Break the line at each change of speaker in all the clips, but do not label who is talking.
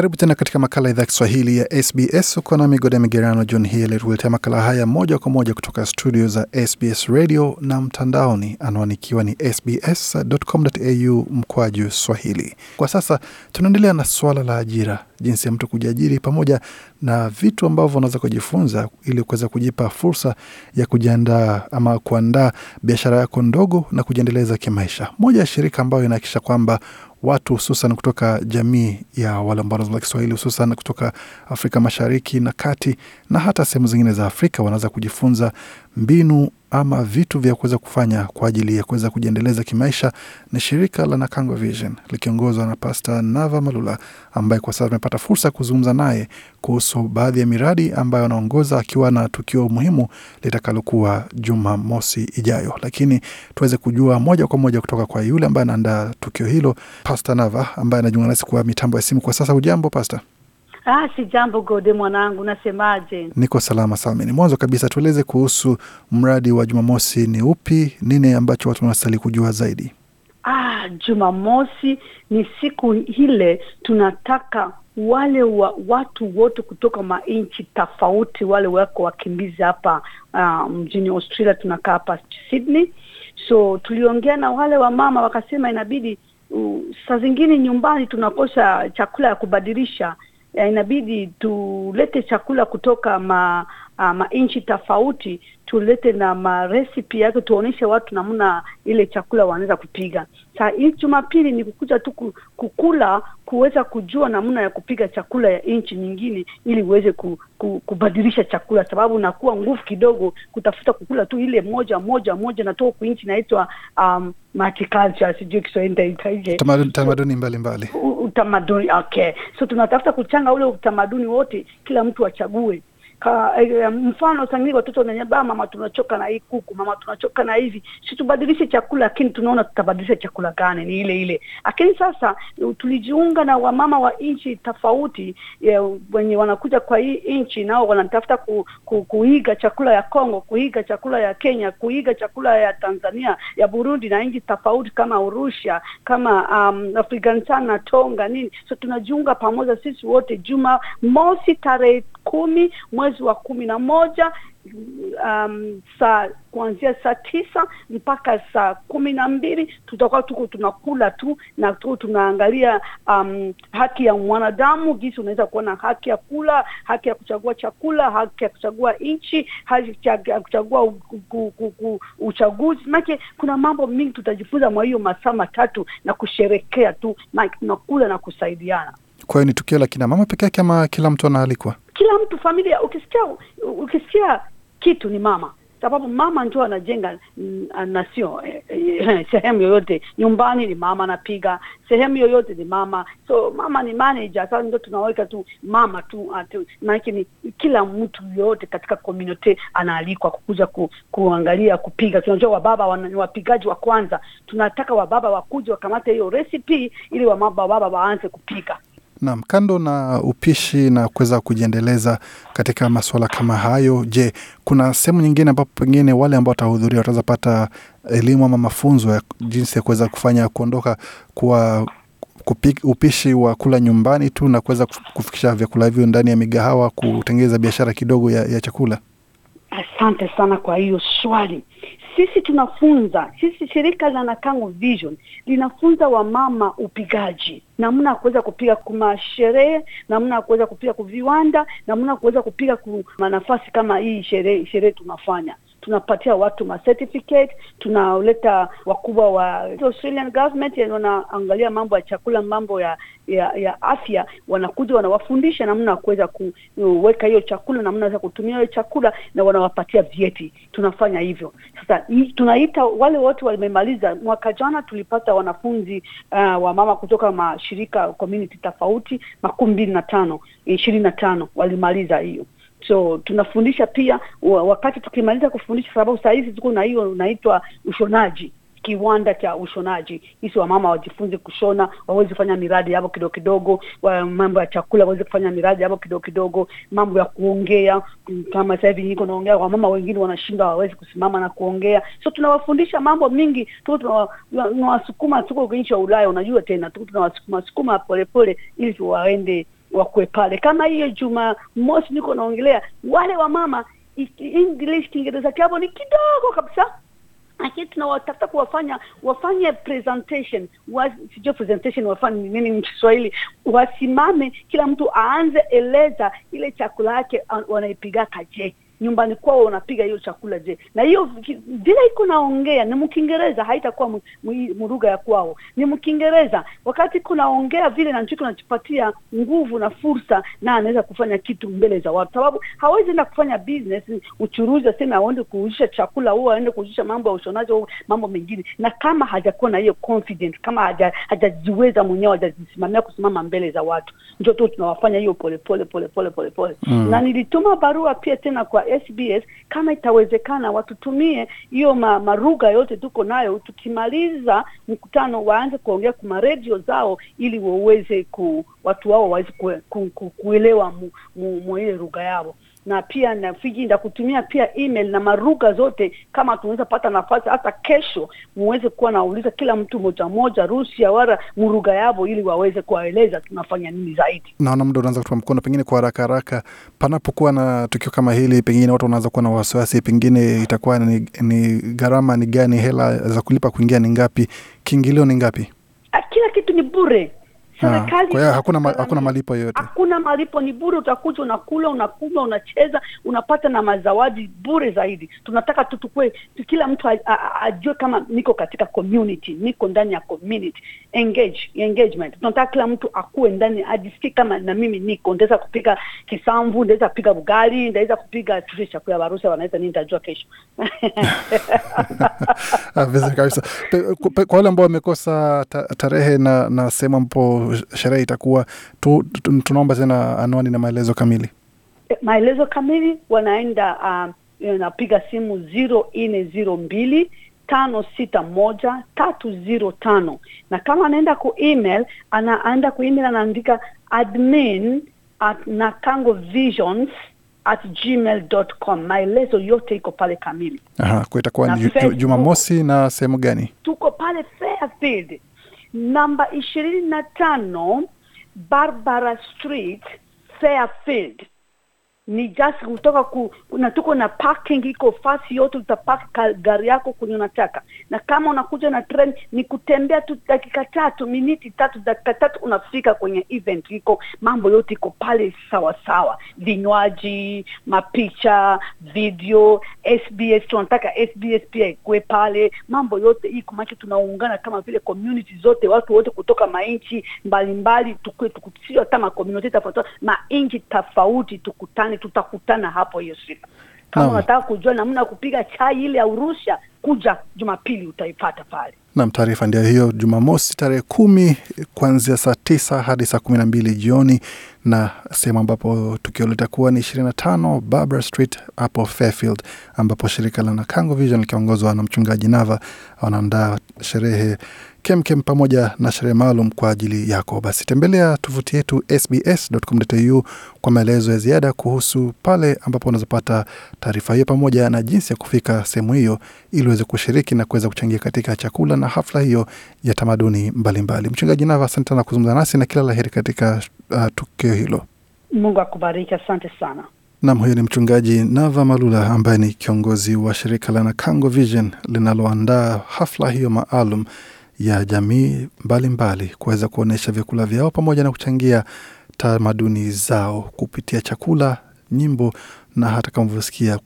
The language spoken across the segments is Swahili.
Karibu tena katika makala ya idhaa ya Kiswahili ya SBS. Uko na migode migerano John Hill tuletea makala haya moja kwa moja kutoka studio za SBS radio na mtandaoni, anwani ni ni sbs.com.au mkwaju swahili. Kwa sasa tunaendelea na swala la ajira, jinsi ya mtu kujiajiri, pamoja na vitu ambavyo unaweza kujifunza ili kuweza kujipa fursa ya kujiandaa ama kuandaa biashara yako ndogo na kujiendeleza kimaisha. Moja ya shirika ambayo inahakikisha kwamba watu hususan kutoka jamii ya wale ambao wanazungumza Kiswahili hususan kutoka Afrika Mashariki na Kati na hata sehemu zingine za Afrika wanaweza kujifunza mbinu ama vitu vya kuweza kufanya kwa ajili ya kuweza kujiendeleza kimaisha ni shirika la Nakangwa Vision likiongozwa na Pasta Nava Malula, ambaye kwa sasa amepata fursa ya kuzungumza naye kuhusu baadhi ya miradi ambayo anaongoza akiwa na tukio muhimu litakalokuwa Jumamosi ijayo. Lakini tuweze kujua moja kwa moja kutoka kwa yule ambaye anaandaa tukio hilo, Pasta Nava ambaye anajiunga nasi kwa mitambo ya simu kwa sasa. Ujambo Pasta?
Ah, si jambo Gode mwanangu, nasemaje?
Niko salama Ni Mwanzo kabisa, tueleze kuhusu mradi wa Jumamosi ni upi? Nini ambacho watu wanastahili kujua zaidi?
Ah, Jumamosi ni siku ile tunataka wale wa watu wote kutoka manchi tofauti, wale wako wakimbizi hapa mjini ah, mjini Australia, tunakaa hapa Sydney. So tuliongea na wale wa mama wakasema inabidi uh, saa zingine nyumbani tunakosa chakula ya kubadilisha Eh, inabidi tulete chakula kutoka ma, uh, ah, mainchi tofauti, tulete na marecipe yake, tuoneshe watu namna ile chakula wanaweza kupiga. Saa hii Jumapili ni kukuja tu kukula, kuweza kujua namna ya kupiga chakula ya nchi nyingine, ili uweze ku, ku, kubadilisha chakula, sababu nakuwa nguvu kidogo kutafuta kukula tu ile moja moja moja natoka ku nchi inaitwa um, sijui Kiswahili
tamaduni mbalimbali,
utamaduni okay. So tunatafuta kuchanga ule utamaduni wote, kila mtu achague ka, eh, eh mfano sangine watoto wananyaba, mama tunachoka na hii kuku, mama tunachoka na hivi, si tubadilishe chakula, lakini tunaona tutabadilisha chakula gani? Ni ile ile. Lakini sasa tulijiunga na wamama wa nchi tofauti wenye wanakuja kwa hii nchi, nao wanatafuta ku, ku, kuiga chakula ya Kongo, kuiga chakula ya Kenya, kuiga chakula ya Tanzania, ya Burundi na nchi tofauti kama Urusha, kama um, Afghanistan na Tonga nini. So tunajiunga pamoja sisi wote Juma mosi tarehe kumi mwezi wa kumi na moja um, saa kuanzia saa tisa mpaka saa kumi na mbili tutakuwa tuko tunakula tu na tuko tunaangalia um, haki ya mwanadamu, jinsi unaweza kuwa na haki ya kula, haki ya kuchagua chakula, haki ya kuchagua nchi, haki ya kuchagua uchaguzi. Make kuna mambo mingi tutajifunza mwa hiyo masaa matatu na kusherekea tu, tunakula na kusaidiana.
Kwa hiyo ni tukio la kina mama peke yake ama kila mtu anaalikwa?
kila mtu familia, ukisikia ukisikia kitu ni mama, sababu mama ndio anajenga mm, na sio eh, eh, sehemu yoyote. Nyumbani ni mama anapiga, sehemu yoyote ni mama. So mama ni manager, sasa ndio tunaweka tu mama tu, maanake ni kila mtu yoyote katika community anaalikwa kukuja ku, kuangalia kupiga. Tunajua wababa ni wapigaji wa kwanza, tunataka wababa wakuja wakamate hiyo recipe ili wababa waanze kupiga.
Naam, kando na upishi na kuweza kujiendeleza katika masuala kama hayo, je, kuna sehemu nyingine ambapo pengine wale ambao watahudhuria wataweza pata elimu ama mafunzo ya jinsi ya kuweza kufanya kuondoka kwa upishi wa kula nyumbani tu na kuweza kufikisha vyakula hivyo ndani ya migahawa, kutengeneza biashara kidogo ya, ya chakula?
Asante sana kwa hiyo swali sisi tunafunza, sisi shirika la Nakango Vision linafunza wamama upigaji, namna ya kuweza kupiga kumasherehe, namna ya kuweza kupiga kuviwanda, namna ya kuweza kupiga kumanafasi kama hii sherehe sherehe tunafanya tunapatia watu ma certificate, tunaleta wakubwa wa Australian government wanaangalia mambo ya chakula, mambo ya ya, ya afya, wanakuja wanawafundisha namna ya kuweza kuweka hiyo chakula, namna za kutumia hiyo chakula, na wanawapatia vyeti. Tunafanya hivyo sasa. Tunaita wale wote wamemaliza. Mwaka jana tulipata wanafunzi uh, wa mama kutoka mashirika community tofauti makumi mbili na tano ishirini na tano walimaliza hiyo so tunafundisha pia wakati tukimaliza kufundisha, sababu saa hizi tuko na hiyo unaitwa ushonaji kiwanda cha ushonaji hisi wamama wajifunze kushona, waweze kufanya miradi yapo kidogo kidogo, mambo ya chakula waweze kufanya miradi yapo kidogo kidogo, mambo ya kuongea. Mm, kama sasa hivi niko naongea, wamama wengine wanashinda, wawezi kusimama na kuongea, so tunawafundisha mambo mingi tu, tunawasukuma. Tuko nchi ya Ulaya, unajua tena, tuko tunawasukuma sukuma polepole ili waende wakuwe pale. Kama hiyo Juma mosi niko naongelea wale wa mama English Kiingereza kiapo ni kidogo kabisa, lakini tunawatafuta kuwafanya wafanye presentation wa, presentation wafanye nini Mkiswahili, wasimame, kila mtu aanze eleza ile chakula yake wanaipiga je nyumbani kwao wanapiga hiyo chakula je? Na hiyo vile iko naongea ni Mkiingereza, haitakuwa mrugha ya kwao, ni Mkiingereza. Wakati kunaongea vile, na nchiko najipatia nguvu na fursa, na anaweza kufanya kitu mbele za watu, sababu hawezi enda kufanya business uchuruzi, aseme aende kuuzisha chakula huo, aende kuuzisha mambo ya ushonaji mambo mengine, na kama hajakuwa na hiyo confident, kama haja, hajajiweza mwenyewe, hajajisimamia kusimama mbele za watu, ndio tu tunawafanya hiyo polepole pole, pole, pole, pole. Mm. Na nilituma barua pia tena kwa SBS kama itawezekana, watutumie hiyo marugha yote tuko nayo. Tukimaliza mkutano, waanze kuongea kuma redio zao, ili waweze ku watu wao waweze kuelewa mu, mu, mu yao na pia na fiji ndakutumia pia email na marugha zote, kama tunaweza pata nafasi hata kesho, muweze kuwa nauliza kila mtu moja moja Rusia wara muruga yabo, ili waweze kuwaeleza tunafanya nini zaidi.
Naona mda unaanza kutupa mkono, pengine kwa haraka haraka, panapokuwa na tukio kama hili, pengine watu wanaanza kuwa na wasiwasi, pengine itakuwa ni, ni gharama ni gani, hela za kulipa kuingia ni ngapi, kiingilio ni ngapi?
Ah, kila kitu ni bure
Serikali ah, kwa hiyo hakuna, ma, hakuna malipo yoyote,
hakuna malipo, ni bure. Utakuja unakula, unakunywa, unacheza, unapata na mazawadi bure zaidi. Tunataka tu tukue, kila mtu ajue kama niko katika community, niko ndani ya community engage, engagement. Tunataka kila mtu akuwe ndani, ajisikie kama na mimi niko, ndaweza kupiga kisamvu, ndaweza kupiga bugali, ndaweza kupiga chakula barusha, wanaweza nini, nitajua kesho
ah, vizuri kabisa. Kwa wale ambao wamekosa tarehe na, na sehemu ambapo sherehe itakuwa tu, tu, tunaomba tena anwani na maelezo kamili.
Maelezo kamili wanaenda uh, um, napiga simu ziro nne ziro mbili tano sita moja tatu ziro tano na kama anaenda ku email anaenda ku email anaandika admin at nakango visions at gmail.com. Maelezo yote iko pale kamili.
Aha, kwa itakuwa Jumamosi na, na sehemu gani?
Tuko pale Fairfield namba ishirini na tano Barbara Street Fairfield ni just kutoka ku, na tuko na parking iko fasi yote, utapark gari yako kwenye unataka, na kama unakuja na train ni kutembea tu dakika tatu miniti tatu dakika tatu unafika kwenye event. Iko mambo yote iko pale sawa sawa, vinywaji, mapicha, video, SBS tunataka SBS pia ikue pale, mambo yote iko maana tunaungana kama vile community zote, watu wote kutoka mainchi mbalimbali, tukue tukusio hata ma community tofauti, mainchi tofauti, tukutane tutakutana hapo hiyo siku. Kama unataka kujua namna ya kupiga chai ile ya Urusha, kuja Jumapili utaipata pale.
Nam, taarifa ndio hiyo, Jumamosi tarehe kumi kuanzia saa tisa hadi saa kumi na mbili jioni na sehemu ambapo tukio litakuwa ni 25 Barbara Street hapo Fairfield, ambapo shirika la Nakango Vision likiongozwa na mchungaji Nava wanaandaa sherehe kemkem pamoja na sherehe maalum kwa ajili yako. Basi tembelea tovuti yetu sbs.com.au kwa maelezo ya ziada kuhusu pale ambapo unazopata taarifa hiyo pamoja na jinsi ya kufika sehemu hiyo ili uweze kushiriki na kuweza kuchangia katika chakula na hafla hiyo ya tamaduni mbalimbali. Mchungaji Nava, asante sana kuzungumza nasi na kila la heri katika uh, tukio tukio hilo.
Mungu akubariki, asante sana.
Nam, huyo ni mchungaji Nava Malula ambaye ni kiongozi wa shirika la Nakango Vision linaloandaa hafla hiyo maalum ya jamii mbalimbali kuweza kuonyesha vyakula vyao pamoja na kuchangia tamaduni zao kupitia chakula nyimbo na hata kama uvyosikia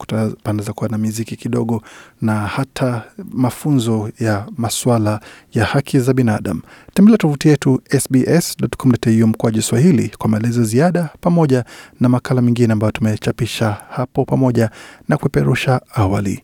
panaweza kuwa na miziki kidogo na hata mafunzo ya maswala ya haki za binadamu. Tembelea tovuti yetu sbs.com.au mkoaji Swahili kwa maelezo ziada, pamoja na makala mengine ambayo tumechapisha hapo pamoja na kupeperusha awali.